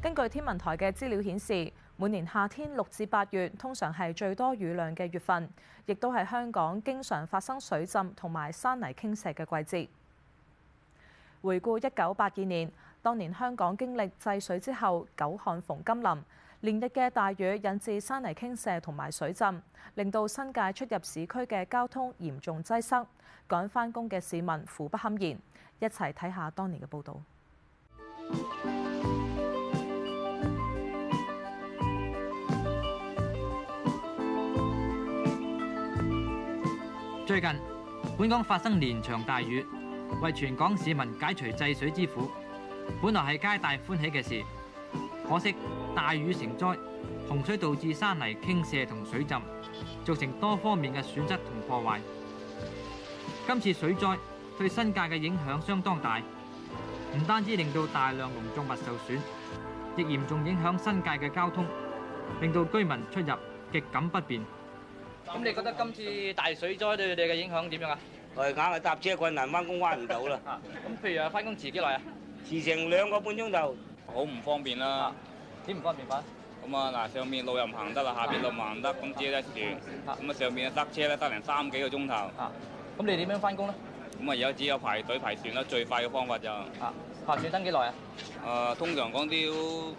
根據天文台嘅資料顯示，每年夏天六至八月通常係最多雨量嘅月份，亦都係香港經常發生水浸同埋山泥傾瀉嘅季節。回顧一九八二年，當年香港經歷制水之後，久旱逢甘霖，連日嘅大雨引致山泥傾瀉同埋水浸，令到新界出入市區嘅交通嚴重擠塞，趕返工嘅市民苦不堪言。一齊睇下當年嘅報道。 最近，本港發生連場大雨，為全港市民解除制水之苦，本來係皆大歡喜嘅事。可惜大雨成災，洪水導致山泥傾瀉同水浸，造成多方面嘅損失同破壞。今次水災對新界嘅影響相當大，唔單止令到大量農作物受損，亦嚴重影響新界嘅交通，令到居民出入極感不便。咁你覺得今次大水災對你哋嘅影響點樣啊？誒硬係搭車困難，翻工翻唔到啦。咁譬如話翻工遲幾耐啊？遲成兩個半鐘頭，好唔方便啦。點唔方便翻？咁啊嗱，上面路又唔行得啦，下邊路唔行得，咁只得船。咁啊上邊啊塞車啦，塞成三幾個鐘頭。啊！咁你點樣翻工咧？咁啊而家只有排隊排船啦，最快嘅方法就啊排船。等幾耐啊？誒通常講要。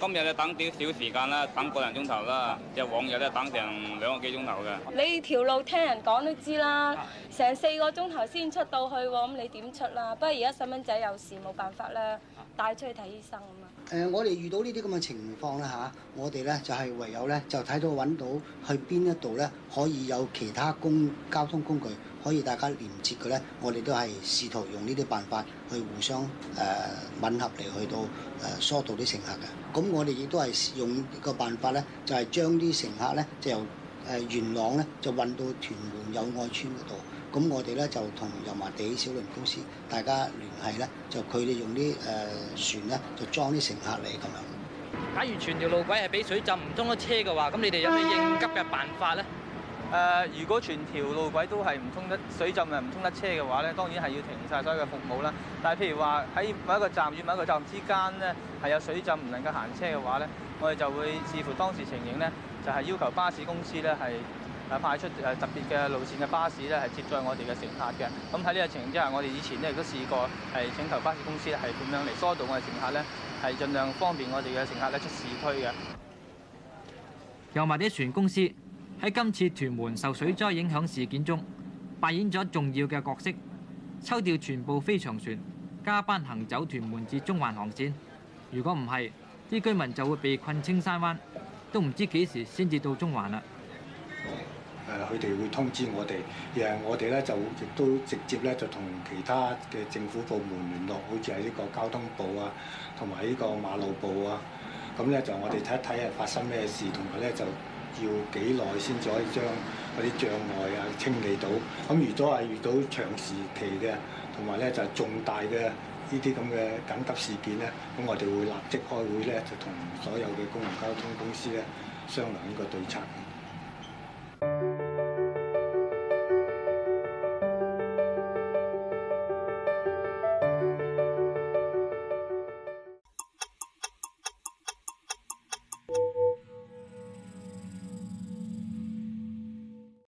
今日咧等少少時間啦，等個零鐘頭啦，即係往日咧等成兩個幾鐘頭嘅。你條路聽人講都知啦，成唉四個鐘頭先出到去喎，咁你點出啦？不過而家細蚊仔有事，冇辦法啦，帶出去睇醫生咁嘛。誒、呃，我哋遇到呢啲咁嘅情況啦吓、啊，我哋咧就係、是、唯有咧就睇到搵到去邊一度咧可以有其他公交通工具。可以大家連接嘅咧，我哋都係試圖用呢啲辦法去互相誒、呃、吻合嚟去到誒疏導啲乘客嘅。咁我哋亦都係用個辦法咧，就係、是、將啲乘客咧就由誒元朗咧就運到屯門友愛村嗰度。咁我哋咧就同油麻地小輪公司大家聯繫咧，就佢哋用啲誒、呃、船咧就裝啲乘客嚟咁樣。假如全條路軌係俾水浸唔通咗車嘅話，咁你哋有咩應急嘅辦法咧？誒、呃，如果全條路軌都係唔通得水浸，咪唔通得車嘅話咧，當然係要停晒所有嘅服務啦。但係譬如話喺某一個站與某一個站之間咧，係有水浸唔能夠行車嘅話咧，我哋就會視乎當時情形呢就係、是、要求巴士公司呢係誒派出誒特別嘅路線嘅巴士呢係接載我哋嘅乘客嘅。咁喺呢個情形之下，我哋以前呢亦都試過係請求巴士公司咧係點樣嚟疏導我哋乘客呢，係盡量方便我哋嘅乘客呢出市區嘅。有埋啲船公司。喺今次屯門受水災影響事件中，扮演咗重要嘅角色，抽調全部飛翔船加班行走屯門至中環航線。如果唔係，啲居民就會被困青山灣，都唔知幾時先至到中環啦。佢哋會通知我哋，然後我哋咧就亦都直接咧就同其他嘅政府部門聯絡，好似係呢個交通部啊，同埋呢個馬路部啊。咁咧就我哋睇一睇係發生咩事，同埋咧就。要幾耐先可以將嗰啲障礙啊清理到？咁如果係遇到長時期嘅，同埋咧就係重大嘅呢啲咁嘅緊急事件咧，咁我哋會立即開會咧，就同所有嘅公共交通公司咧商量呢個對策。